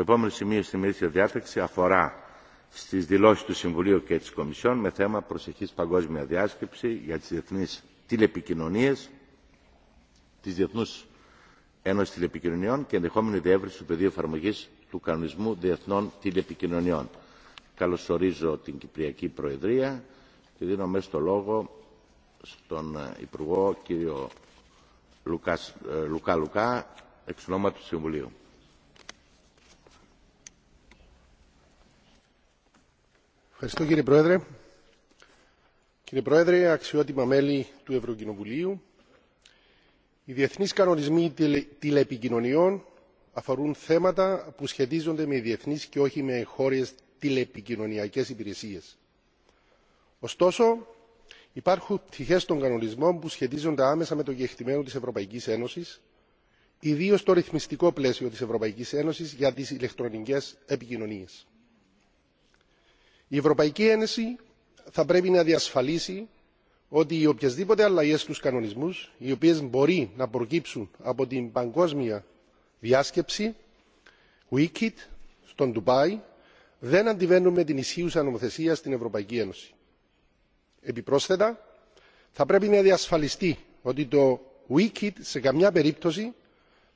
Το επόμενο σημείο στη μερίσια διάταξη αφορά στι δηλώσει του Συμβουλίου και τη Κομισιόν με θέμα προσεχή παγκόσμια διάσκεψη για τι διεθνεί τηλεπικοινωνίε τη Διεθνού Ένωση Τηλεπικοινωνιών και ενδεχόμενη διεύρυνση του πεδίου εφαρμογή του Κανονισμού Διεθνών Τηλεπικοινωνιών. Καλωσορίζω την Κυπριακή Προεδρία και δίνω μέσα το λόγο στον Υπουργό κύριο ε, Λουκά Λουκά εξ του Συμβουλίου. Ευχαριστώ κύριε Πρόεδρε. Κύριε Πρόεδρε, αξιότιμα μέλη του Ευρωκοινοβουλίου, οι διεθνείς κανονισμοί τηλεπικοινωνιών αφορούν θέματα που σχετίζονται με διεθνείς και όχι με χώρες τηλεπικοινωνιακές υπηρεσίες. Ωστόσο, υπάρχουν πτυχές των κανονισμών που σχετίζονται άμεσα με το γεχτημένο της Ευρωπαϊκής Ένωσης, ιδίω το ρυθμιστικό πλαίσιο της Ευρωπαϊκής Ένωσης για τις ηλεκτρονικές επικοινωνίες η ευρωπαϊκή ένωση θα πρέπει να διασφαλίσει ότι οποιασδήποτε αλλαγέ στους κανονισμούς οι οποίες μπορεί να προκύψουν από την παγκόσμια διάσκεψη wikid στον ντουμπάι δεν αντιβαίνουν με την ισχύουσα νομοθεσία στην ευρωπαϊκή ένωση. επιπρόσθετα θα πρέπει να διασφαλιστεί ότι το wikid σε καμιά περίπτωση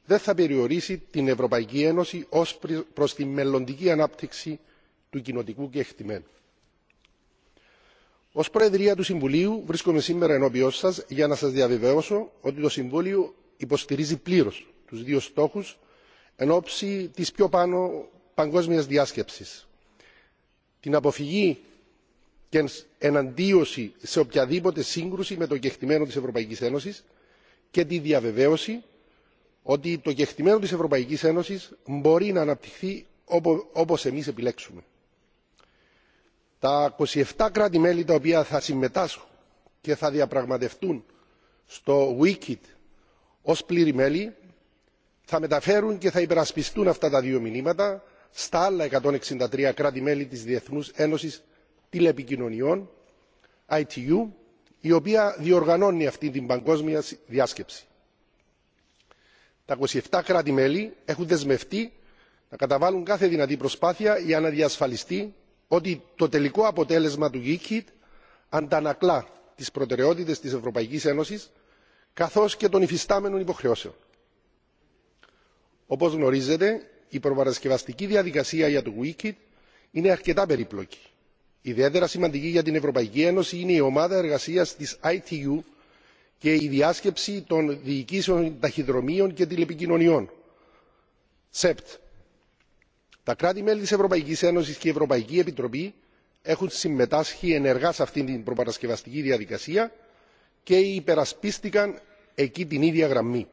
δεν θα περιορίσει την ευρωπαϊκή ένωση ως προς τη μελλοντική ανάπτυξη του κοινοτικού κεκτημένου. Ω Προεδρία του Συμβουλίου βρίσκομαι σήμερα ενώπιό σα για να σα διαβεβαιώσω ότι το Συμβούλιο υποστηρίζει πλήρω του δύο στόχου εν ώψη τη πιο πάνω παγκόσμια διάσκεψη. Την αποφυγή και εναντίωση σε οποιαδήποτε σύγκρουση με το κεκτημένο της Ευρωπαϊκής Ένωσης και τη διαβεβαίωση ότι το κεκτημένο της Ευρωπαϊκής Ένωσης μπορεί να αναπτυχθεί όπως εμείς επιλέξουμε τα 27 κράτη μέλη τα οποία θα συμμετάσχουν και θα διαπραγματευτούν στο WICIT ω πλήρη μέλη θα μεταφέρουν και θα υπερασπιστούν αυτά τα δύο μηνύματα στα άλλα 163 κράτη μέλη της Διεθνούς Ένωσης Τηλεπικοινωνιών ITU η οποία διοργανώνει αυτή την παγκόσμια διάσκεψη. Τα 27 κράτη-μέλη έχουν δεσμευτεί να καταβάλουν κάθε δυνατή προσπάθεια για να διασφαλιστεί ότι το τελικό αποτέλεσμα του ukip αντανακλά τις προτεραιότητες της ευρωπαϊκής ένωσης καθώς και των υφιστάμενων υποχρεώσεων. όπως γνωρίζετε η προπαρασκευαστική διαδικασία για το ukip είναι αρκετά περίπλοκη. ιδιαίτερα σημαντική για την ευρωπαϊκή ένωση είναι η ομάδα εργασίας της itu και η διάσκεψη των διοικήσεων ταχυδρομείων και τηλεπικοινωνιών τα κράτη μέλη της ευρωπαϊκής ένωσης και η ευρωπαϊκή επιτροπή έχουν συμμετάσχει ενεργά σε αυτήν την προπαρασκευαστική διαδικασία και υπερασπίστηκαν εκεί την ίδια γραμμή.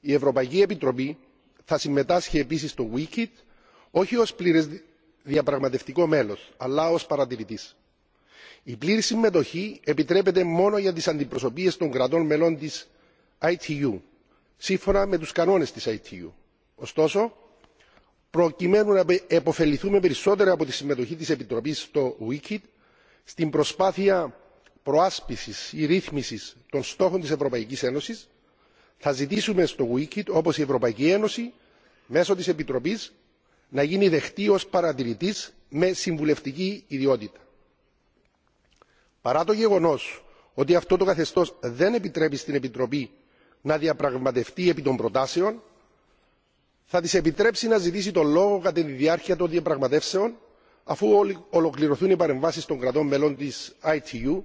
η ευρωπαϊκή επιτροπή θα συμμετάσχει επίσης στο wikid όχι ως πλήρες διαπραγματευτικό μέλος αλλά ως παρατηρητής. η πλήρη συμμετοχή επιτρέπεται μόνο για τις αντιπροσωπείες των κρατών μελών της itu σύμφωνα με τους κανόνες της itu. ωστόσο προκειμένου να επωφεληθούμε περισσότερο από τη συμμετοχή της Επιτροπής στο WICIT στην προσπάθεια προάσπισης ή ρύθμισης των στόχων της Ευρωπαϊκής Ένωσης θα ζητήσουμε στο WICIT όπως η Ευρωπαϊκή Ένωση μέσω της Επιτροπής να γίνει δεχτή ως παρατηρητής με συμβουλευτική ιδιότητα. Παρά το γεγονός ότι αυτό το καθεστώς δεν επιτρέπει στην Επιτροπή να διαπραγματευτεί επί των προτάσεων θα τη επιτρέψει να ζητήσει τον λόγο κατά τη διάρκεια των διαπραγματεύσεων αφού ολοκληρωθούν οι παρεμβάσει των κρατών μελών τη itu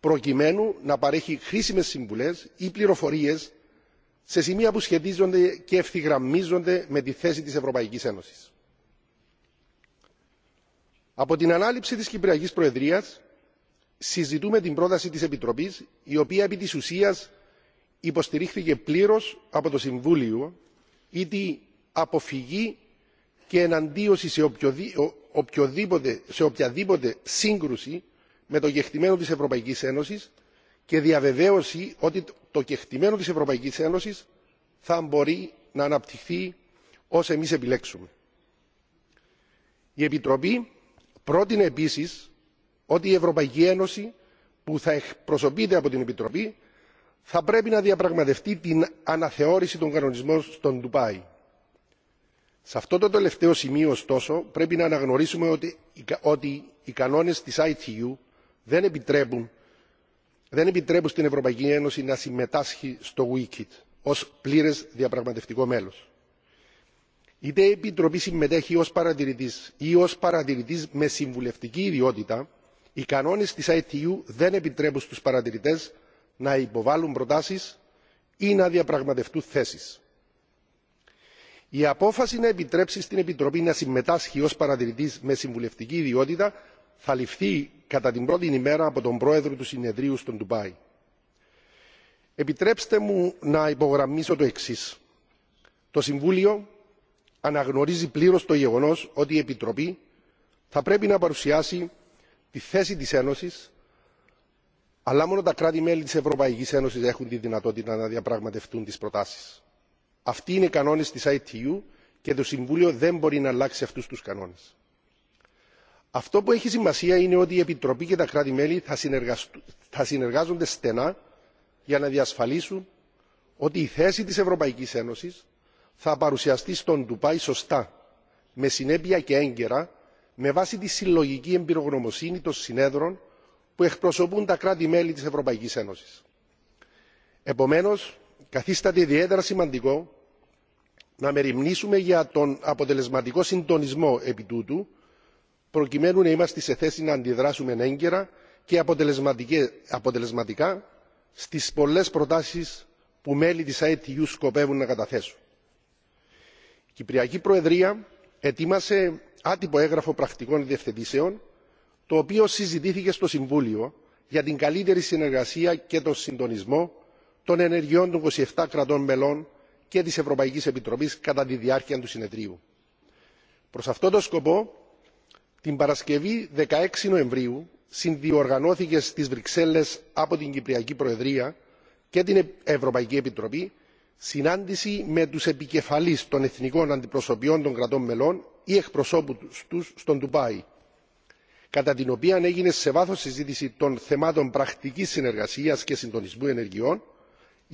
προκειμένου να παρέχει χρήσιμε συμβουλέ ή πληροφορίε σε σημεία που σχετίζονται και ευθυγραμμίζονται με τη θέση τη ευρωπαϊκή ένωση. από την ανάληψη τη κυπριακή προεδρία συζητούμε την πρόταση τη επιτροπή η οποία επί τη ουσία υποστηρίχθηκε πλήρω από το συμβούλιο αποφυγή και εναντίωση σε οποιαδήποτε σύγκρουση με το κεκτημένο της ευρωπαϊκής ένωσης και διαβεβαίωση ότι το κεκτημένο της ευρωπαϊκής ένωσης θα μπορεί να αναπτυχθεί ως εμείς επιλέξουμε. η επιτροπή πρότεινε επίσης ότι η ευρωπαϊκή ένωση που θα εκπροσωπείται από την επιτροπή θα πρέπει να διαπραγματευτεί την αναθεώρηση των κανονισμών στον Ντουπάι σε αυτό το τελευταίο σημείο ωστόσο πρέπει να αναγνωρίσουμε ότι οι κανόνες της itu δεν επιτρέπουν στην ευρωπαϊκή ένωση να συμμετάσχει στο WICIT ως πλήρες διαπραγματευτικό μέλος. είτε η επιτροπή συμμετέχει ως παρατηρητής ή ως παρατηρητής με συμβουλευτική ιδιότητα οι κανόνες της itu δεν επιτρέπουν στους παρατηρητές να υποβάλουν προτάσεις ή να διαπραγματευτούν θέσεις η απόφαση να επιτρέψει στην επιτροπή να συμμετάσχει ω παρατηρητή με συμβουλευτική ιδιότητα θα ληφθεί κατά την πρώτη ημέρα από τον πρόεδρο του συνεδρίου στο ντουμπάι. επιτρέψτε μου να υπογραμμίσω το εξή το συμβούλιο αναγνωρίζει πλήρω το γεγονό ότι η επιτροπή θα πρέπει να παρουσιάσει τη θέση τη ένωση αλλά μόνο τα κράτη μέλη τη ευρωπαϊκή ένωση έχουν τη δυνατότητα να διαπραγματευτούν τι προτάσει αυτοί είναι οι κανόνε τη itu και το συμβούλιο δεν μπορεί να αλλάξει αυτού τους κανόνε. αυτό που έχει σημασία είναι ότι η επιτροπή και τα κράτη μέλη θα συνεργάζονται στενά για να διασφαλίσουν ότι η θέση της ευρωπαϊκής ένωσης θα παρουσιαστεί στον Τουπάι σωστά με συνέπεια και έγκαιρα με βάση τη συλλογική εμπειρογνωμοσύνη των συνέδρων που εκπροσωπούν τα κράτη μέλη της ευρωπαϊκής ένωσης. επομένως καθίσταται ιδιαίτερα σημαντικό να μεριμνήσουμε για τον αποτελεσματικό συντονισμό επιτούτου προκειμένου να είμαστε σε θέση να αντιδράσουμε έγκαιρα και αποτελεσματικά στις πολλές προτάσεις που μέλη της itu σκοπεύουν να καταθέσουν. η κυπριακή προεδρία ετοίμασε άτυπο έγγραφο πρακτικών διευθετήσεων το οποίο συζητήθηκε στο συμβούλιο για την καλύτερη συνεργασία και τον συντονισμό των ενεργειών των 27 κρατών μελών και της Ευρωπαϊκής Επιτροπής κατά τη διάρκεια του συνεδρίου. Προς αυτόν τον σκοπό, την Παρασκευή 16 Νοεμβρίου συνδιοργανώθηκε στις Βρυξέλλες από την Κυπριακή Προεδρία και την Ευρωπαϊκή Επιτροπή συνάντηση με τους επικεφαλείς των εθνικών αντιπροσωπιών των κρατών μελών ή εκπροσώπους τους στον Τουπάι, κατά την οποία έγινε σε βάθος συζήτηση των θεμάτων πρακτικής συνεργασίας και συντονισμού ενεργειών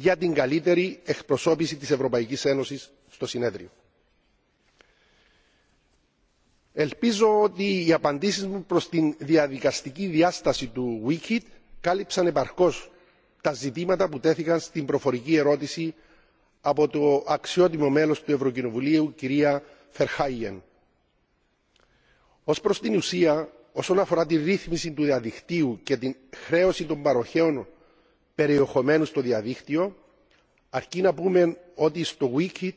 για την καλύτερη εκπροσώπηση της Ευρωπαϊκής Ένωσης στο συνέδριο. Ελπίζω ότι οι απαντήσεις μου προς την διαδικαστική διάσταση του WIKIT κάλυψαν επαρκώς τα ζητήματα που τέθηκαν στην προφορική ερώτηση από το αξιότιμο μέλος του Ευρωκοινοβουλίου, κυρία Φερχάιεν. Ως προς την ουσία, όσον αφορά τη ρύθμιση του διαδικτύου και την χρέωση των παροχέων περιεχομένου στο διαδίκτυο αρκεί να πούμε ότι στο Wikit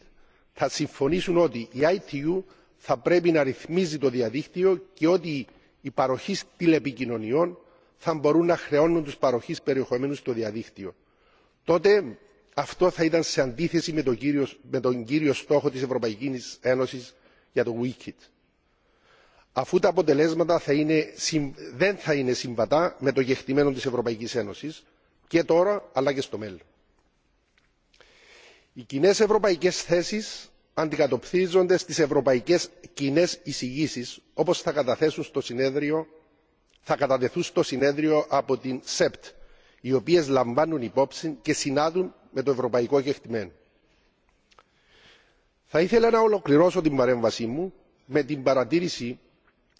θα συμφωνήσουν ότι η itu θα πρέπει να ρυθμίζει το διαδίκτυο και ότι οι παροχεί τηλεπικοινωνιών θα μπορούν να χρεώνουν του παροχεί περιεχομένου στο διαδίκτυο. τότε αυτό θα ήταν σε αντίθεση με τον κύριο στόχο της ευρωπαϊκής ένωσης για το wikid αφού τα αποτελέσματα δεν θα είναι συμβατά με το γεχτημένο της ευρωπαϊκής ένωσης και τώρα αλλά και στο μέλλον. οι κοινέ ευρωπαϊκέ θέσει αντικατοπτρίζονται στι ευρωπαϊκέ κοινέ εισηγήσει όπω θα κατατεθούν στο συνέδριο από την ΣΕΠΤ, οι οποίε λαμβάνουν υπόψη και συνάδουν με το ευρωπαϊκό κεκτημένο. θα ήθελα να ολοκληρώσω την παρέμβασή μου με την παρατήρηση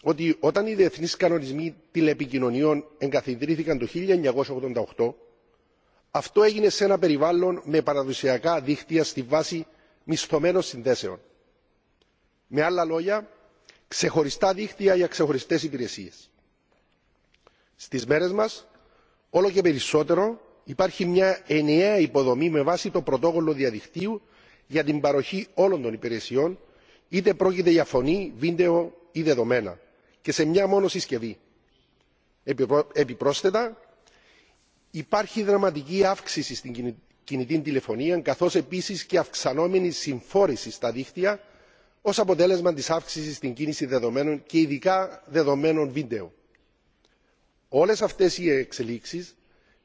ότι όταν οι διεθνεί κανονισμοί τηλεπικοινωνιών εγκαθιδρύθηκαν το 1988, αυτό έγινε σε ένα περιβάλλον με παραδοσιακά δίκτυα στη βάση μισθωμένων συνδέσεων με άλλα λόγια ξεχωριστά δίκτυα για ξεχωριστέ υπηρεσίε. στι μέρε μα όλο και περισσότερο υπάρχει μια ενιαία υποδομή με βάση το πρωτόκολλο διαδικτύου για την παροχή όλων των υπηρεσιών είτε πρόκειται για φωνή βίντεο ή δεδομένα και σε μια μόνο συσκευή. επιπρόσθετα υπάρχει δραματική αύξηση στην κινητή τηλεφωνία καθώς επίσης και αυξανόμενη συμφόρηση στα δίκτυα ως αποτέλεσμα της αύξησης στην κίνηση δεδομένων και ειδικά δεδομένων βίντεο. όλες αυτές οι εξελίξεις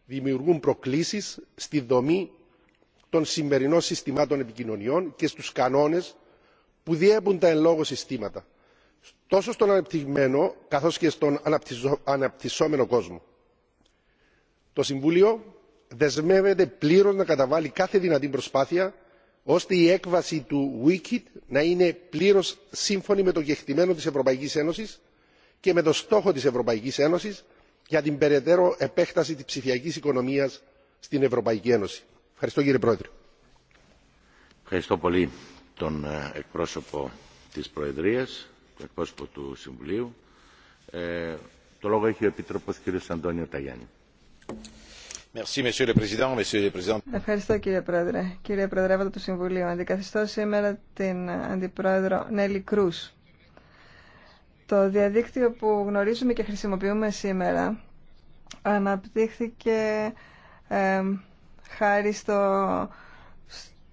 δημιουργούν προκλήσεις στη δομή των σημερινών συστημάτων επικοινωνιών και στους κανόνες που διέπουν τα εν λόγω συστήματα τόσο στον ανεπτυγμένο καθώς και στον αναπτυσσόμενο κόσμο το συμβούλιο δεσμεύεται πλήρως να καταβάλει κάθε δυνατή προσπάθεια ώστε η έκβαση του wikid να είναι πλήρως σύμφωνη με το κεκτημένο της ευρωπαϊκής ένωσης και με το στόχο της ευρωπαϊκής ένωσης για την περαιτέρω επέκταση της ψηφιακής οικονομίας στην ευρωπαϊκή ένωση. ευχαριστώ κύριε πρόεδρε. ευχαριστώ πολύ τον ε, εκπρόσωπο της προεδρίας τον εκπρόσωπο του συμβουλίου. Ε, το λόγο έχει ο επιτρόπος κ. αντώνιο ταγιάννη. Ευχαριστώ κύριε Πρόεδρε. Κύριε Προεδρεύοντα του Συμβουλίου, αντικαθιστώ σήμερα την Αντιπρόεδρο Νέλη Κρούς. Το διαδίκτυο που γνωρίζουμε και χρησιμοποιούμε σήμερα αναπτύχθηκε ε, χάρη στο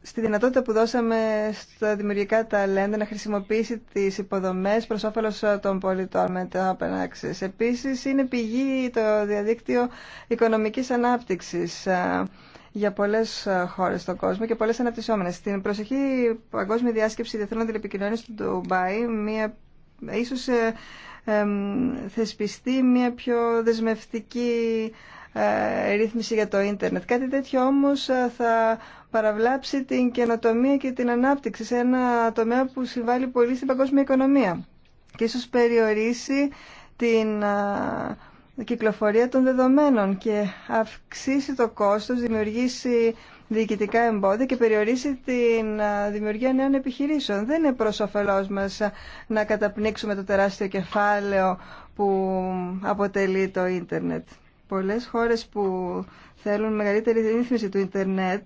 στη δυνατότητα που δώσαμε στα δημιουργικά ταλέντα να χρησιμοποιήσει τις υποδομές προς όφελος ε, των πολιτών με Open Access. Επίσης είναι πηγή το διαδίκτυο οικονομικής ανάπτυξης ε, για πολλές ε, χώρες στον κόσμο και πολλές αναπτυσσόμενες. Στην προσεχή παγκόσμια διάσκεψη διεθνών τηλεπικοινωνίας του Ντουμπάι, μία, ίσως ε, θεσπιστεί μια πιο δεσμευτική ε, ρύθμιση για το ίντερνετ. Κάτι τέτοιο όμως ε, θα παραβλάψει την καινοτομία και την ανάπτυξη σε ένα τομέα που συμβάλλει πολύ στην παγκόσμια οικονομία και ίσως περιορίσει την ε, κυκλοφορία των δεδομένων και αυξήσει το κόστος, δημιουργήσει διοικητικά εμπόδια και περιορίσει την δημιουργία νέων επιχειρήσεων. Δεν είναι προς όφελός μας να καταπνίξουμε το τεράστιο κεφάλαιο που αποτελεί το ίντερνετ πολλές χώρες που θέλουν μεγαλύτερη ρύθμιση του ίντερνετ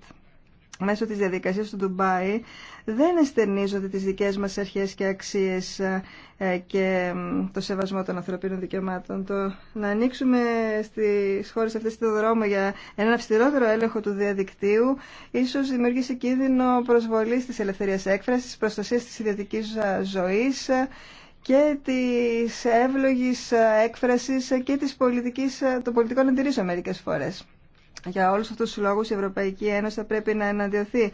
μέσω της διαδικασίας του Ντουμπάι δεν εστερνίζονται τις δικές μας αρχές και αξίες ε, και το σεβασμό των ανθρωπίνων δικαιωμάτων. Το να ανοίξουμε στις χώρες αυτές το δρόμο για έναν αυστηρότερο έλεγχο του διαδικτύου ίσως δημιουργήσει κίνδυνο προσβολής της ελευθερίας έκφρασης, προστασίας της ιδιωτικής ζωής και της εύλογης έκφρασης και της πολιτικής, των πολιτικών αντιρρήσεων μερικές φορές. Για όλους αυτούς τους λόγους η Ευρωπαϊκή Ένωση θα πρέπει να εναντιωθεί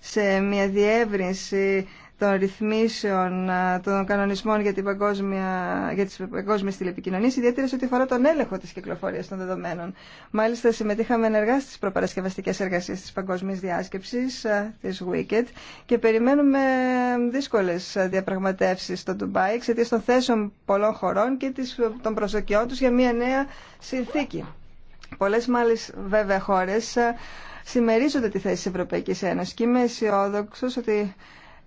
σε μια διεύρυνση των ρυθμίσεων, ε, των κανονισμών για, την παγκόσμια, για τις παγκόσμιες τηλεπικοινωνίες, ιδιαίτερα σε ό,τι αφορά τον έλεγχο της κυκλοφορίας των δεδομένων. Μάλιστα, συμμετείχαμε ενεργά στις προπαρασκευαστικές εργασίες της παγκόσμιας διάσκεψης, ε, της WICET, και περιμένουμε δύσκολες διαπραγματεύσεις στο Ντουμπάι, εξαιτία των θέσεων πολλών χωρών και των προσδοκιών τους για μια νέα συνθήκη. Πολλές μάλιστα βέβαια χώρες ε, συμμερίζονται τη θέση της Ευρωπαϊκής Ένωσης και είμαι αισιόδοξο ότι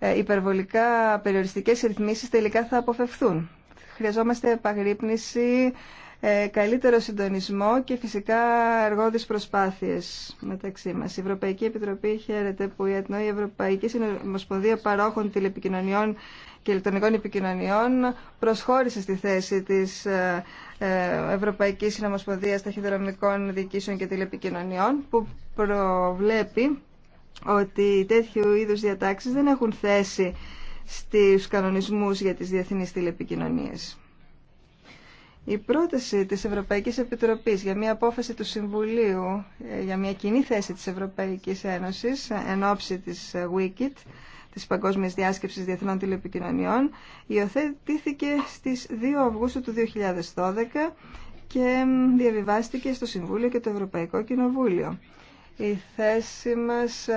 ε, υπερβολικά περιοριστικές ρυθμίσεις τελικά θα αποφευθούν. Χρειαζόμαστε επαγρύπνηση, ε, καλύτερο συντονισμό και φυσικά εργόδεις προσπάθειες μεταξύ μας. Η Ευρωπαϊκή Επιτροπή χαίρεται που η ΕΤΝΟ, η Ευρωπαϊκή Συνομοσπονδία Παρόχων Τηλεπικοινωνιών και Ελεκτρονικών επικοινωνιών προσχώρησε στη θέση της ε, Ευρωπαϊκής Συνομοσπονδίας Ταχυδρομικών Διοικήσεων και Τηλεπικοινωνιών που προβλέπει ότι τέτοιου είδους διατάξεις δεν έχουν θέση στους κανονισμούς για τις διεθνείς τηλεπικοινωνίες. Η πρόταση της Ευρωπαϊκής Επιτροπής για μια απόφαση του Συμβουλίου ε, για μια κοινή θέση της Ευρωπαϊκής Ένωσης ε, εν ώψη της ε, WICIT, της Παγκόσμιας Διάσκεψης Διεθνών Τηλεπικοινωνιών, υιοθετήθηκε στις 2 Αυγούστου του 2012 και διαβιβάστηκε στο Συμβούλιο και το Ευρωπαϊκό Κοινοβούλιο η θέση μας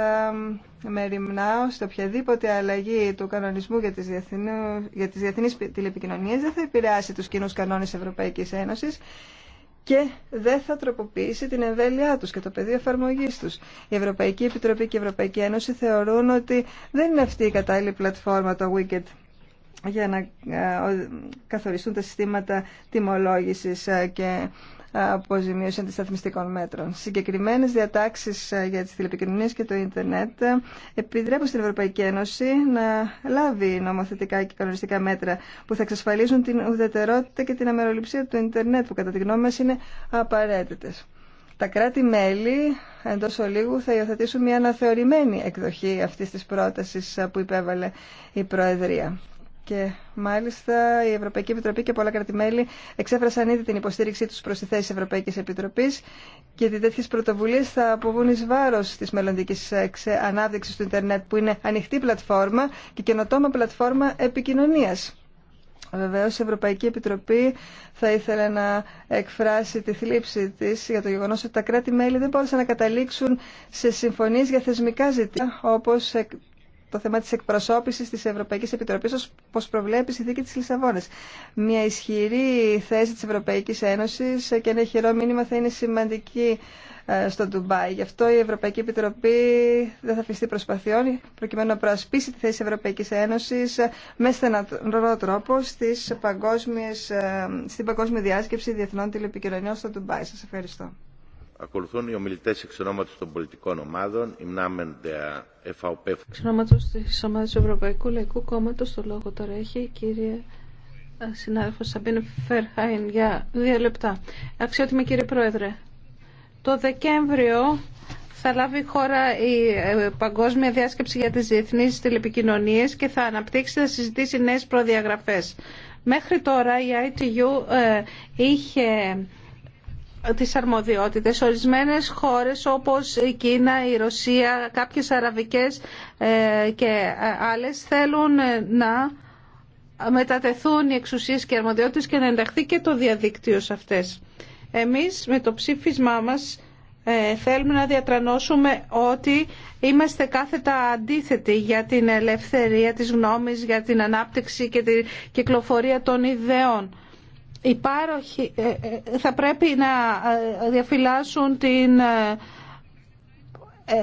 μεριμνά στο οποιαδήποτε αλλαγή του κανονισμού για τις, για τις διεθνείς τηλεπικοινωνίες δεν θα επηρεάσει τους κοινούς κανόνες Ευρωπαϊκής Ένωσης και δεν θα τροποποιήσει την εμβέλειά τους και το πεδίο εφαρμογή τους. Η Ευρωπαϊκή Επιτροπή και η Ευρωπαϊκή Ένωση θεωρούν ότι δεν είναι αυτή η κατάλληλη πλατφόρμα το Wicked για να ε, καθοριστούν τα συστήματα τιμολόγησης ε, και ε, αποζημίωση αντισταθμιστικών μέτρων. Συγκεκριμένες διατάξεις για τις τηλεπικοινωνίες και το ίντερνετ επιτρέπουν στην Ευρωπαϊκή Ένωση να λάβει νομοθετικά και κανονιστικά μέτρα που θα εξασφαλίζουν την ουδετερότητα και την αμεροληψία του ίντερνετ που κατά τη γνώμη μας είναι απαραίτητες. Τα κράτη-μέλη εντός ολίγου θα υιοθετήσουν μια αναθεωρημένη εκδοχή αυτής της πρότασης που υπέβαλε η Προεδρία. Και μάλιστα η Ευρωπαϊκή Επιτροπή και πολλά κρατημέλη εξέφρασαν ήδη την υποστήριξή του προ τη θέση Ευρωπαϊκή Επιτροπή και ότι τέτοιε πρωτοβουλίε θα αποβούν ει βάρο τη μελλοντική ε, ανάπτυξη του Ιντερνετ, που είναι ανοιχτή πλατφόρμα και καινοτόμα πλατφόρμα επικοινωνία. Βεβαίω, η Ευρωπαϊκή Επιτροπή θα ήθελε να εκφράσει τη θλίψη τη για το γεγονό ότι τα κράτη-μέλη δεν μπόρεσαν να καταλήξουν σε συμφωνίε για θεσμικά ζητήματα, όπω το θέμα της εκπροσώπησης της Ευρωπαϊκής Επιτροπής πως προβλέπει η συνθήκη της Λισαβόνας. Μια ισχυρή θέση της Ευρωπαϊκής Ένωσης και ένα χειρό μήνυμα θα είναι σημαντική ε, στο Ντουμπάι. Γι' αυτό η Ευρωπαϊκή Επιτροπή δεν θα αφιστεί προσπαθειών προκειμένου να προασπίσει τη θέση της Ευρωπαϊκής Ένωσης ε, με στεναρό τρόπο ε, στην παγκόσμια διάσκεψη διεθνών τηλεπικοινωνιών στο Ντουμπάι. Σας ευχαριστώ. Ακολουθούν οι ομιλητέ εξ ονόματο των πολιτικών ομάδων. Υμνάμεντε ΕΦΑΟΠΕ. Εξ ονόματο τη ομάδα Ευρωπαϊκού Λαϊκού Κόμματο, το λόγο τώρα έχει η κυρία ε, συνάδελφο Σαμπίν Φερχάιν για δύο λεπτά. Αξιότιμη κύριε Πρόεδρε, το Δεκέμβριο θα λάβει η χώρα η ε, Παγκόσμια Διάσκεψη για τι διεθνεί τηλεπικοινωνίε και θα αναπτύξει, θα συζητήσει νέε προδιαγραφέ. Μέχρι τώρα η ITU ε, είχε τις αρμοδιότητες. Ορισμένες χώρες όπως η Κίνα, η Ρωσία, κάποιες αραβικές ε, και ε, άλλες θέλουν ε, να μετατεθούν οι εξουσίες και οι αρμοδιότητες και να ενταχθεί και το διαδίκτυο σε αυτές. Εμείς με το ψήφισμά μας θέλουμε να διατρανώσουμε ότι είμαστε κάθετα αντίθετοι για την ελευθερία της γνώμης, για την ανάπτυξη και την κυκλοφορία των ιδεών ε, ε, θα πρέπει να ε, διαφυλάσσουν την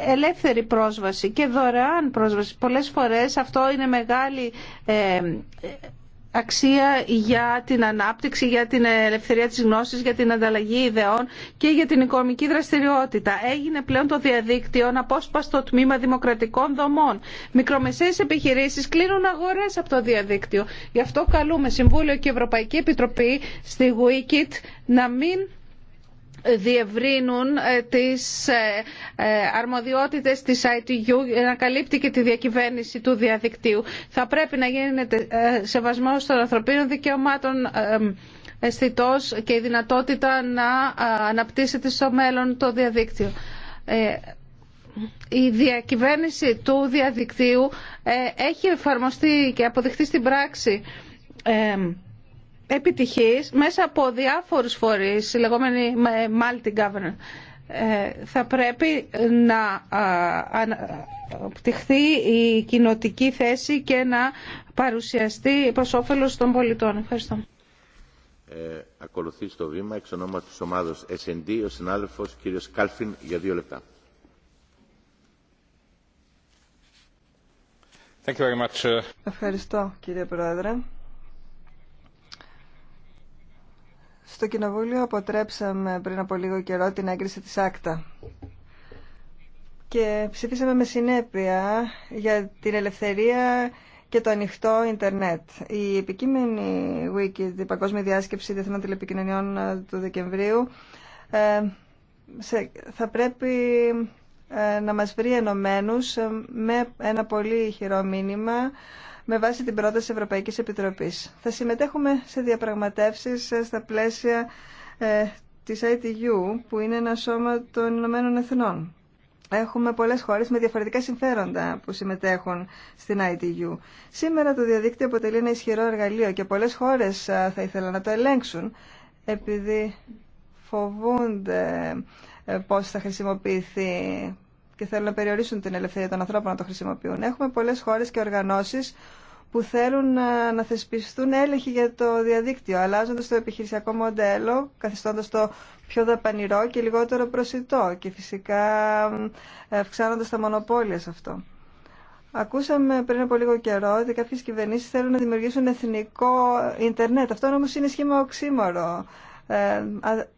ελεύθερη πρόσβαση και δωρεάν πρόσβαση. Πολλές φορές αυτό είναι μεγάλη αξία για την ανάπτυξη, για την ελευθερία της γνώσης, για την ανταλλαγή ιδεών και για την οικονομική δραστηριότητα. Έγινε πλέον το διαδίκτυο απόσπαστο τμήμα δημοκρατικών δομών. Μικρομεσαίες επιχειρήσεις κλείνουν αγορές από το διαδίκτυο. Γι' αυτό καλούμε Συμβούλιο και Ευρωπαϊκή Επιτροπή στη WIKIT να μην διευρύνουν ε, τις ε, ε, αρμοδιότητες της ITU να καλύπτει και τη διακυβέρνηση του διαδικτύου. Θα πρέπει να γίνεται σεβασμός των ανθρωπίνων δικαιωμάτων αισθητός και η δυνατότητα να αναπτύσσεται στο μέλλον το διαδίκτυο. Η διακυβέρνηση του διαδικτύου έχει εφαρμοστεί και αποδειχθεί στην πράξη επιτυχής μέσα από διάφορους φορείς, η λεγόμενη multi multi-governor, ε, Θα πρέπει να αναπτυχθεί η κοινοτική θέση και να παρουσιαστεί προς όφελος των πολιτών. Ευχαριστώ. Ε, ακολουθεί στο βήμα εξ ονόματος της ομάδος S&D ο συνάδελφος κύριος Κάλφιν για δύο λεπτά. Thank you very much. Ευχαριστώ κύριε Πρόεδρε. Στο Κοινοβούλιο αποτρέψαμε πριν από λίγο καιρό την έγκριση της άκτα και ψηφίσαμε με συνέπεια για την ελευθερία και το ανοιχτό ίντερνετ. Η επικείμενη Wiki, η Παγκόσμια Διάσκεψη Διεθνών Τηλεπικοινωνιών ε, του Δεκεμβρίου, ε, θα πρέπει ε, να μας βρει ενωμένους με ένα πολύ χειρό μήνυμα με βάση την πρόταση Ευρωπαϊκής Επιτροπής. Θα συμμετέχουμε σε διαπραγματεύσεις ε, στα πλαίσια ε, της ITU, που είναι ένα σώμα των Ηνωμένων Εθνών. Έχουμε πολλές χώρες με διαφορετικά συμφέροντα που συμμετέχουν στην ITU. Σήμερα το διαδίκτυο αποτελεί ένα ισχυρό εργαλείο και πολλές χώρες ε, θα ήθελαν να το ελέγξουν επειδή φοβούνται πώς θα χρησιμοποιηθεί και θέλουν να περιορίσουν την ελευθερία των ανθρώπων να το χρησιμοποιούν. Έχουμε πολλές χώρες και οργανώσεις που θέλουν ε, να θεσπιστούν έλεγχοι για το διαδίκτυο, αλλάζοντας το επιχειρησιακό μοντέλο, καθιστώντας το πιο δαπανηρό και λιγότερο προσιτό και φυσικά ε, αυξάνοντας τα μονοπόλια σε αυτό. Ακούσαμε πριν από λίγο καιρό ότι κάποιε κυβερνήσει θέλουν να δημιουργήσουν εθνικό Ιντερνετ. Αυτό όμω είναι σχήμα οξύμορο, ε,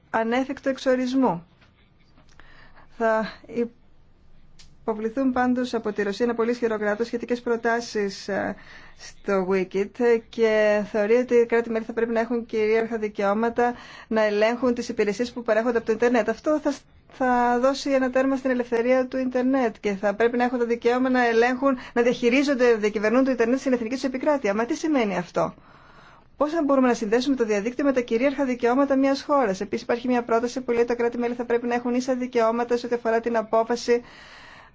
ανέφικτο εξορισμού υποβληθούν πάντως από τη Ρωσία ένα πολύ ισχυρό κράτος σχετικές προτάσεις ε, στο Wikit και θεωρεί ότι οι κράτη μέλη θα πρέπει να έχουν κυρίαρχα δικαιώματα να ελέγχουν τι υπηρεσίε που παρέχονται από το Ιντερνετ. Αυτό θα, θα δώσει ένα τέρμα στην ελευθερία του Ιντερνετ και θα πρέπει να έχουν το δικαίωμα να ελέγχουν, να διαχειρίζονται, να διακυβερνούν το Ιντερνετ στην εθνική του επικράτεια. Μα τι σημαίνει αυτό. Πώ θα μπορούμε να συνδέσουμε το διαδίκτυο με τα κυρίαρχα δικαιώματα μια χώρα. Επίση, υπάρχει μια πρόταση που λέει ότι τα κράτη-μέλη θα πρέπει να έχουν ίσα δικαιώματα σε ό,τι αφορά την απόφαση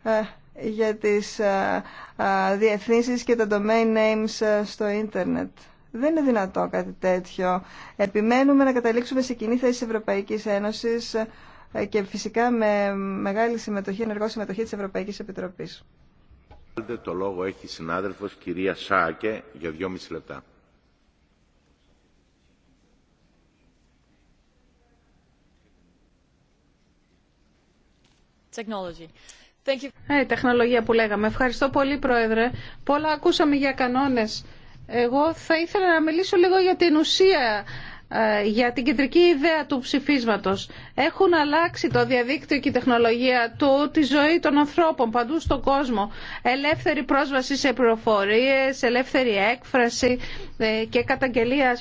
ε, για τις ε, ε, διευθύνσεις και τα domain names στο ίντερνετ. Δεν είναι δυνατό κάτι τέτοιο. Επιμένουμε να καταλήξουμε σε κοινή θέση της Ευρωπαϊκής Ένωσης και φυσικά με μεγάλη συμμετοχή, ενεργό συμμετοχή της Ευρωπαϊκής Επιτροπής. Το λόγο έχει συνάδελφος κυρία Σάκε για δυόμιση λεπτά. Technology. Thank ε, τεχνολογία που λέγαμε. Ευχαριστώ πολύ, Πρόεδρε. Πολλά ακούσαμε για κανόνες. Εγώ θα ήθελα να μιλήσω λίγο για την ουσία ε, για την κεντρική ιδέα του ψηφίσματος. Έχουν αλλάξει το διαδίκτυο και η τεχνολογία του τη ζωή των ανθρώπων παντού στον κόσμο. Ελεύθερη πρόσβαση σε πληροφορίες, ελεύθερη έκφραση ε, και καταγγελία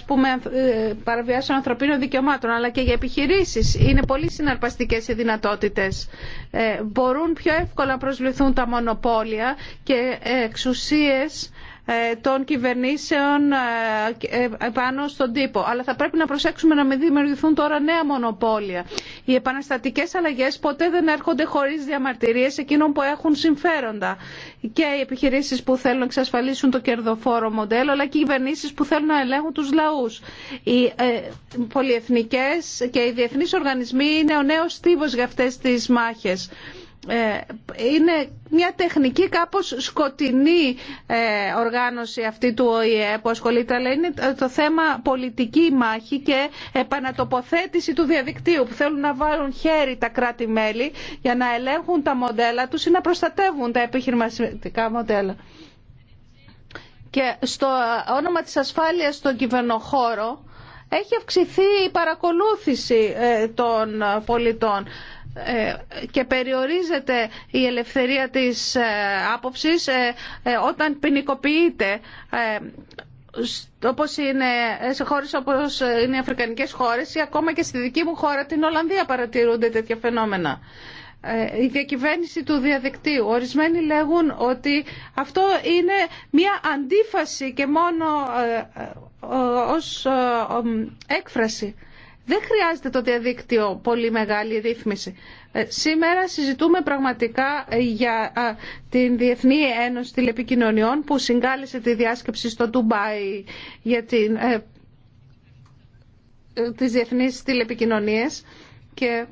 ε, παραβιάσεων ανθρωπίνων δικαιωμάτων, αλλά και για επιχειρήσεις. Είναι πολύ συναρπαστικές οι δυνατότητες. μπορούν πιο εύκολα να προσβληθούν τα μονοπόλια και εξουσίες ε, των κυβερνήσεων ε, ε, πάνω στον τύπο. Αλλά θα πρέπει να προσέξουμε να μην δημιουργηθούν τώρα νέα μονοπόλια. Οι επαναστατικές αλλαγέ ποτέ δεν έρχονται χωρίς διαμαρτυρίες εκείνων που έχουν συμφέροντα. Και οι επιχειρήσεις που θέλουν να εξασφαλίσουν το κερδοφόρο μοντέλο, αλλά και οι κυβερνήσει που θέλουν να ελέγχουν του λαού. Οι πολιεθνικέ και οι διεθνεί οργανισμοί είναι ο νέο στίβο για αυτέ τι μάχε. Ε, είναι μια τεχνική κάπως σκοτεινή ε, οργάνωση αυτή του ΟΗΕ που ασχολείται, αλλά είναι το θέμα πολιτική μάχη και επανατοποθέτηση του διαδικτύου που θέλουν να βάλουν χέρι τα κράτη-μέλη για να ελέγχουν τα μοντέλα τους ή να προστατεύουν τα επιχειρηματικά μοντέλα. Και στο όνομα της ασφάλειας στον κυβερνοχώρο έχει αυξηθεί η παρακολούθηση ε, των πολιτών και περιορίζεται η ελευθερία της άποψης όταν ποινικοποιείται όπως είναι σε χώρες όπως είναι οι αφρικανικές χώρες ή ακόμα και στη δική μου χώρα την Ολλανδία παρατηρούνται τέτοια φαινόμενα. Η διακυβέρνηση του διαδικτύου. Ορισμένοι λέγουν ότι αυτό είναι μια αντίφαση και μόνο ως έκφραση. Δεν χρειάζεται το διαδίκτυο πολύ μεγάλη ρύθμιση. Ε, σήμερα συζητούμε πραγματικά ε, για την Διεθνή Ένωση Τηλεπικοινωνιών που συγκάλεσε τη διάσκεψη στο Ντουμπάι για την, ε, τις διεθνείς τηλεπικοινωνίες και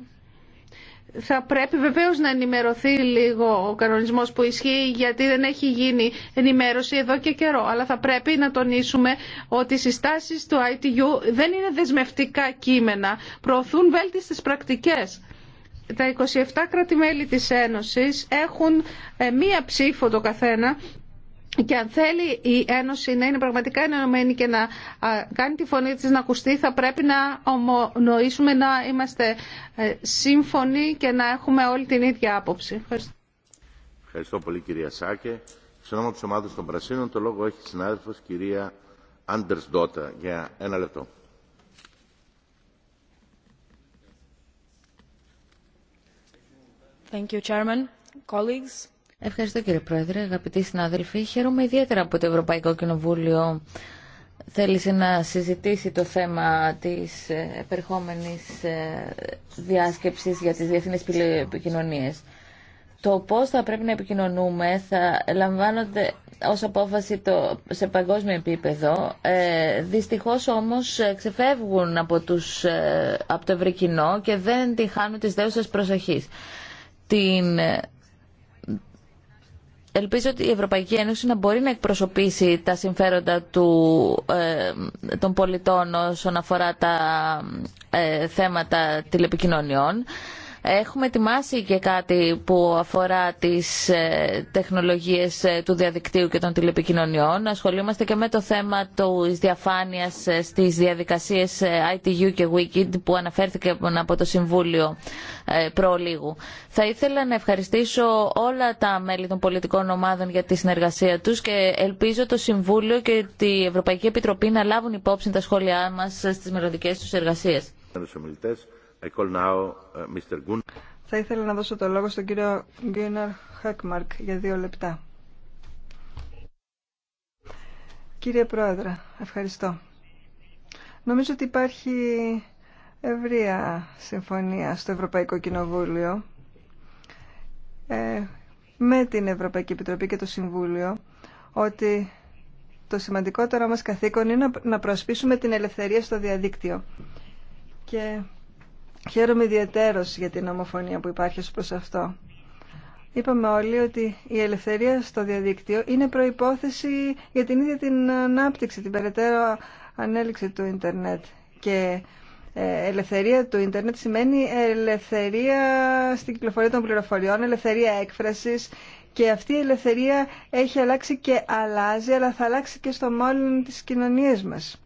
θα πρέπει βεβαίω να ενημερωθεί λίγο ο κανονισμός που ισχύει γιατί δεν έχει γίνει ενημέρωση εδώ και καιρό. Αλλά θα πρέπει να τονίσουμε ότι οι συστάσεις του ITU δεν είναι δεσμευτικά κείμενα. Προωθούν βέλτιστες πρακτικές. Τα 27 κράτη-μέλη της Ένωσης έχουν ε, μία ψήφο το καθένα και αν θέλει η Ένωση να είναι πραγματικά ενωμένη και να κάνει τη φωνή της να ακουστεί, θα πρέπει να ομονοήσουμε να είμαστε ε, σύμφωνοι και να έχουμε όλη την ίδια άποψη. Ευχαριστώ. Ευχαριστώ πολύ κυρία Σάκε. Στον όνομα της ομάδας των Πρασίνων το λόγο έχει συνάδελφος κυρία Άντερς Ντότα για ένα λεπτό. Thank you, Chairman. Colleagues. Ευχαριστώ κύριε Πρόεδρε, αγαπητοί συνάδελφοι. Χαίρομαι ιδιαίτερα που το Ευρωπαϊκό Κοινοβούλιο θέλησε να συζητήσει το θέμα της ε, επερχόμενης ε, διάσκεψης για τις διεθνείς επικοινωνίες. Το πώς θα πρέπει να επικοινωνούμε θα λαμβάνονται ως απόφαση το, σε παγκόσμιο επίπεδο. Ε, δυστυχώς όμως ε, ξεφεύγουν από, τους, από το ευρύ και δεν τη χάνουν τις δέουσες προσοχής. Την ελπίζω ότι η Ευρωπαϊκή Ένωση να μπορεί να εκπροσωπήσει τα συμφέροντα του, ε, των πολιτών όσον αφορά τα ε, θέματα τηλεπικοινωνιών. Έχουμε ετοιμάσει και κάτι που αφορά τις ε, τεχνολογίες ε, του διαδικτύου και των τηλεπικοινωνιών. Ασχολούμαστε και με το θέμα της διαφάνειας ε, στις διαδικασίες ITU και WIKID που αναφέρθηκε από το Συμβούλιο προλίγου. Θα ήθελα να ευχαριστήσω όλα τα μέλη των πολιτικών ομάδων για τη συνεργασία τους και ελπίζω το Συμβούλιο και τη Ευρωπαϊκή Επιτροπή να λάβουν υπόψη τα σχόλιά μας στις μελλοντικέ τους εργασίες. Uh, Θα ήθελα να δώσω το λόγο στον κύριο Γκίναρ Χέκμαρκ για δύο λεπτά. Κύριε Πρόεδρε, ευχαριστώ. Νομίζω ότι υπάρχει ευρεία συμφωνία στο Ευρωπαϊκό Κοινοβούλιο ε, με την Ευρωπαϊκή Επιτροπή και το Συμβούλιο ότι το σημαντικότερο μας καθήκον είναι να προσπίσουμε την ελευθερία στο διαδίκτυο. Και Χαίρομαι ιδιαίτερω για την ομοφωνία που υπάρχει ως προς αυτό. Είπαμε όλοι ότι η ελευθερία στο διαδίκτυο είναι προϋπόθεση για την ίδια την ανάπτυξη, την περαιτέρω ανέλυξη του ίντερνετ. Και ε, ελευθερία του ίντερνετ σημαίνει ελευθερία στην κυκλοφορία των πληροφοριών, ελευθερία έκφρασης και αυτή η ελευθερία έχει αλλάξει και αλλάζει, αλλά θα αλλάξει και στο μόλιν της κοινωνίας μας.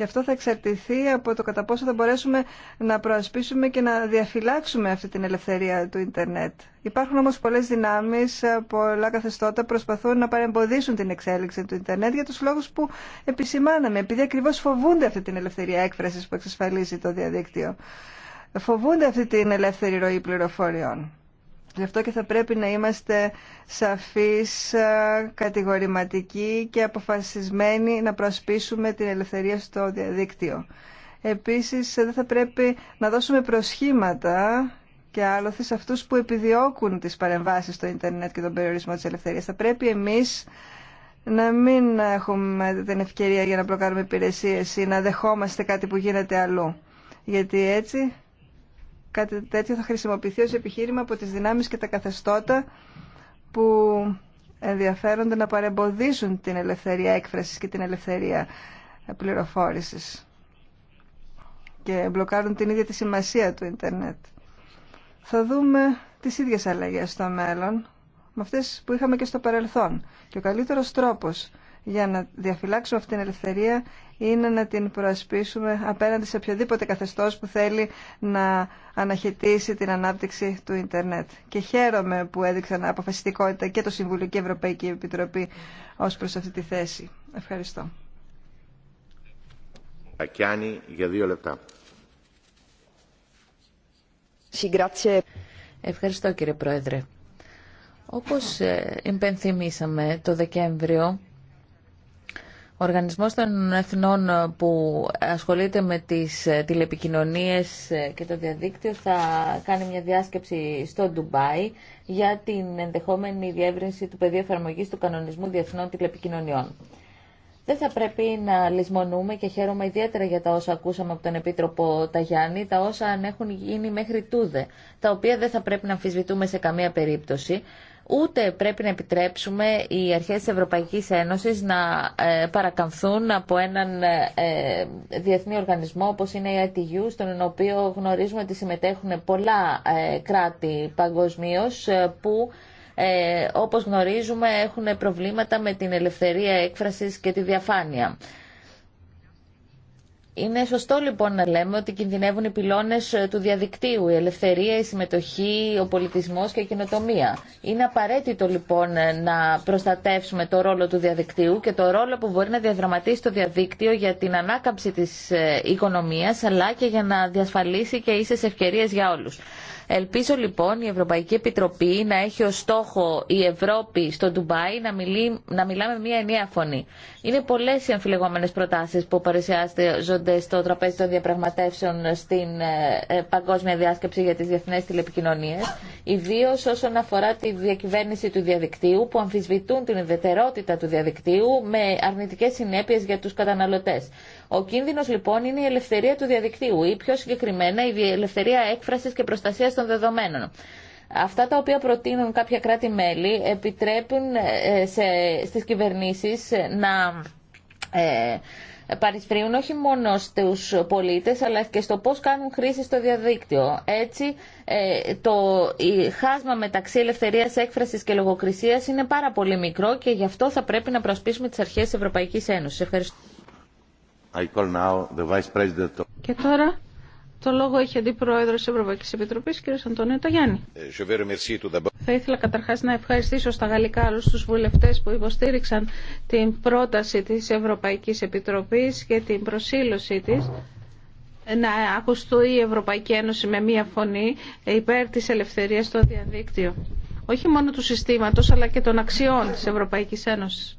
Και αυτό θα εξαρτηθεί από το κατά πόσο θα μπορέσουμε να προασπίσουμε και να διαφυλάξουμε αυτή την ελευθερία του ίντερνετ. Υπάρχουν όμως πολλές δυνάμεις, πολλά καθεστώτα προσπαθούν να παρεμποδίσουν την εξέλιξη του ίντερνετ για τους λόγους που επισημάναμε, επειδή ακριβώς φοβούνται αυτή την ελευθερία έκφρασης που εξασφαλίζει το διαδίκτυο. Φοβούνται αυτή την ελεύθερη ροή πληροφοριών. Γι' αυτό και θα πρέπει να είμαστε σαφείς, κατηγορηματικοί και αποφασισμένοι να προσπίσουμε την ελευθερία στο διαδίκτυο. Επίσης, δεν θα πρέπει να δώσουμε προσχήματα και άλλοθε σε αυτούς που επιδιώκουν τις παρεμβάσεις στο ίντερνετ και τον περιορισμό της ελευθερίας. Θα πρέπει εμείς να μην έχουμε την ευκαιρία για να μπλοκάρουμε υπηρεσίες ή να δεχόμαστε κάτι που γίνεται αλλού. Γιατί έτσι κάτι τέτοιο θα χρησιμοποιηθεί ως επιχείρημα από τις δυνάμεις και τα καθεστώτα που ενδιαφέρονται να παρεμποδίσουν την ελευθερία έκφρασης και την ελευθερία πληροφόρησης και μπλοκάρουν την ίδια τη σημασία του ίντερνετ. Θα δούμε τις ίδιες αλλαγές στο μέλλον με αυτές που είχαμε και στο παρελθόν. Και ο καλύτερος τρόπος για να διαφυλάξουμε αυτή την ελευθερία είναι να την προασπίσουμε απέναντι σε οποιοδήποτε καθεστώς που θέλει να αναχαιτήσει την ανάπτυξη του ίντερνετ. Και χαίρομαι που έδειξαν αποφασιστικότητα και το Συμβουλίο και η Ευρωπαϊκή Επιτροπή ως προς αυτή τη θέση. Ευχαριστώ. Ακιάνη, για δύο λεπτά. Ευχαριστώ κύριε Πρόεδρε. Όπως ε, υπενθυμίσαμε το Δεκέμβριο ο Οργανισμός των Εθνών που ασχολείται με τις ε, τηλεπικοινωνίες ε, και το διαδίκτυο θα κάνει μια διάσκεψη στο Ντουμπάι για την ενδεχόμενη διεύρυνση του πεδίου εφαρμογής του κανονισμού διεθνών τηλεπικοινωνιών. Δεν θα πρέπει να λησμονούμε και χαίρομαι ιδιαίτερα για τα όσα ακούσαμε από τον Επίτροπο Ταγιάννη, τα όσα αν έχουν γίνει μέχρι τούδε, τα οποία δεν θα πρέπει να αμφισβητούμε σε καμία περίπτωση ούτε πρέπει να επιτρέψουμε οι αρχές της Ευρωπαϊκής Ένωσης να ε, παρακαμφθούν από έναν ε, ε, διεθνή οργανισμό όπως είναι η ITU, στον οποίο γνωρίζουμε ότι συμμετέχουν πολλά κράτη παγκοσμίω που όπως γνωρίζουμε έχουν προβλήματα με την ελευθερία έκφρασης και τη διαφάνεια. Είναι σωστό λοιπόν να λέμε ότι κινδυνεύουν οι πυλώνες ε, του διαδικτύου, η ελευθερία, η συμμετοχή, ο πολιτισμός και η κοινοτομία. Είναι απαραίτητο λοιπόν ε, να προστατεύσουμε το ρόλο του διαδικτύου και το ρόλο που μπορεί να διαδραματίσει το διαδίκτυο για την ανάκαμψη της ε, οικονομίας αλλά και για να διασφαλίσει και ίσες ευκαιρίε για όλου. Ελπίζω λοιπόν η Ευρωπαϊκή Επιτροπή να έχει ως στόχο η Ευρώπη στο Ντουμπάι να, μιλεί, να μιλάμε μία ενιαία φωνή. Είναι πολλές οι αμφιλεγόμενες προτάσεις που παρουσιάζονται στο τραπέζι των διαπραγματεύσεων στην ε, ε, Παγκόσμια Διάσκεψη για τις Διεθνές Τηλεπικοινωνίες, ιδίω όσον αφορά τη διακυβέρνηση του διαδικτύου που αμφισβητούν την ιδιαιτερότητα του διαδικτύου με αρνητικές συνέπειες για τους καταναλωτές. Ο κίνδυνο λοιπόν είναι η ελευθερία του διαδικτύου ή πιο συγκεκριμένα η ελευθερία έκφρασης και προστασίας των δεδομένων. Αυτά τα οποία προτείνουν κάποια κράτη-μέλη επιτρέπουν ε, σε, στις κυβερνήσεις ε, να ε, όχι μόνο στους πολίτες αλλά και στο πώς κάνουν χρήση στο διαδίκτυο. Έτσι ε, το χάσμα μεταξύ ελευθερίας έκφρασης και λογοκρισίας είναι πάρα πολύ μικρό και γι' αυτό θα πρέπει να προσπίσουμε τις αρχές της Ευρωπαϊκής Ένωσης. Ευχαριστώ. Και τώρα το λόγο έχει αντιπρόεδρο τη Ευρωπαϊκή Επιτροπή, κ. Αντωνίο Ταγιάννη. Ε, Θα ήθελα καταρχά να ευχαριστήσω στα γαλλικά όλου του βουλευτέ που υποστήριξαν την πρόταση τη Ευρωπαϊκή Επιτροπή και την προσήλωσή τη να ακούστουν η Ευρωπαϊκή Ένωση με μία φωνή υπέρ της ελευθερίας στο διαδίκτυο. Όχι μόνο του συστήματος, αλλά και των αξιών της Ευρωπαϊκής Ένωσης.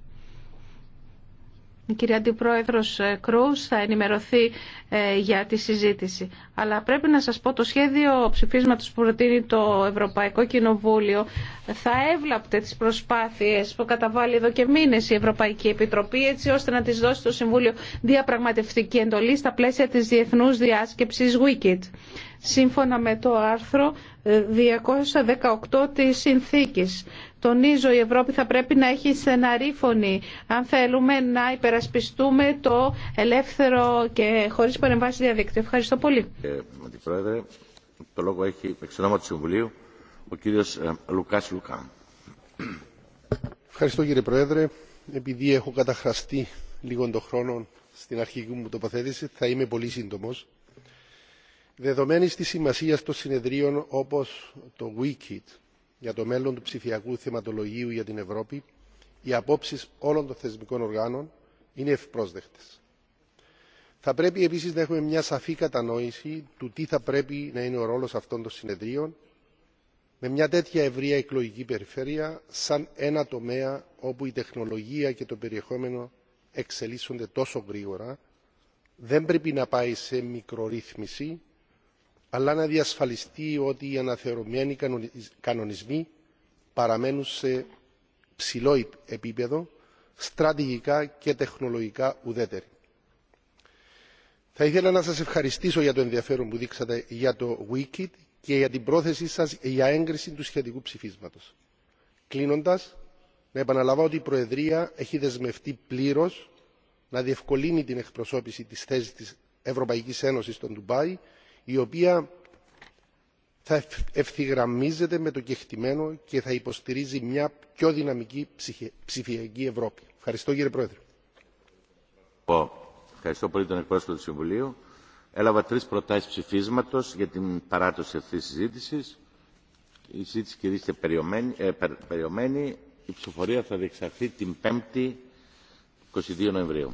Η κυρία Αντιπρόεδρος ε, Κρούς θα ενημερωθεί ε, για τη συζήτηση. Αλλά πρέπει να σας πω το σχέδιο ψηφίσματος που προτείνει το Ευρωπαϊκό Κοινοβούλιο θα έβλαπτε τις προσπάθειες που καταβάλει εδώ και μήνες η Ευρωπαϊκή Επιτροπή έτσι ώστε να τις δώσει το Συμβούλιο διαπραγματευτική εντολή στα πλαίσια της Διεθνούς Διάσκεψης WICIT. Σύμφωνα με το άρθρο 218 ε, της Συνθήκης Τονίζω, η Ευρώπη θα πρέπει να έχει στεναρή αν θέλουμε να υπερασπιστούμε το ελεύθερο και χωρίς παρεμβάσει διαδίκτυο. Ευχαριστώ πολύ. Ε, Πρόεδρε, το λόγο έχει του Συμβουλίου ο κύριος ε, Λουκάς Ευχαριστώ κύριε Πρόεδρε. Επειδή έχω καταχραστεί λίγο το χρόνο στην αρχική μου τοποθέτηση, θα είμαι πολύ σύντομο. Δεδομένη τη σημασία των συνεδρίων όπω το WeKit, για το μέλλον του ψηφιακού θεματολογίου για την ευρώπη οι απόψει όλων των θεσμικών οργάνων είναι ευπρόσδεκτε. θα πρέπει επίση να έχουμε μια σαφή κατανόηση του τι θα πρέπει να είναι ο ρόλο αυτών των συνεδρίων με μια τέτοια ευρεία εκλογική περιφέρεια σαν ένα τομέα όπου η τεχνολογία και το περιεχόμενο εξελίσσονται τόσο γρήγορα δεν πρέπει να πάει σε μικρορύθμιση αλλά να διασφαλιστεί ότι οι αναθεωρημένοι κανονισμοί παραμένουν σε ψηλό επίπεδο στρατηγικά και τεχνολογικά ουδέτεροι. Θα ήθελα να σας ευχαριστήσω για το ενδιαφέρον που δείξατε για το WICIT και για την πρόθεσή σας για έγκριση του σχετικού ψηφίσματος. Κλείνοντας, να επαναλαμβάνω ότι η Προεδρία έχει δεσμευτεί πλήρως να διευκολύνει την εκπροσώπηση της θέσης της Ευρωπαϊκής Ένωσης στον Ντουμπάι η οποία θα ευθυγραμμίζεται με το κεκτημένο και θα υποστηρίζει μια πιο δυναμική ψηφιακή Ευρώπη. Ευχαριστώ κύριε Πρόεδρε. Ευχαριστώ πολύ τον εκπρόσωπο του Συμβουλίου. Έλαβα τρεις προτάσεις ψηφίσματος για την παράταση αυτή της συζήτηση. Η συζήτηση κηρύσσεται περιομένη, ε, περιομένη. Η ψηφοφορία θα διεξαρθεί την 5η 22 Νοεμβρίου.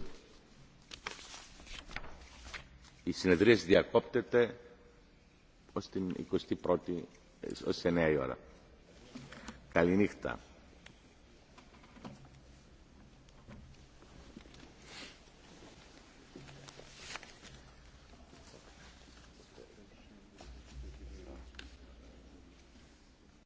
Οι συνεδρίες διακόπτεται ως την 21η ως 9 η ώρα. Καληνύχτα.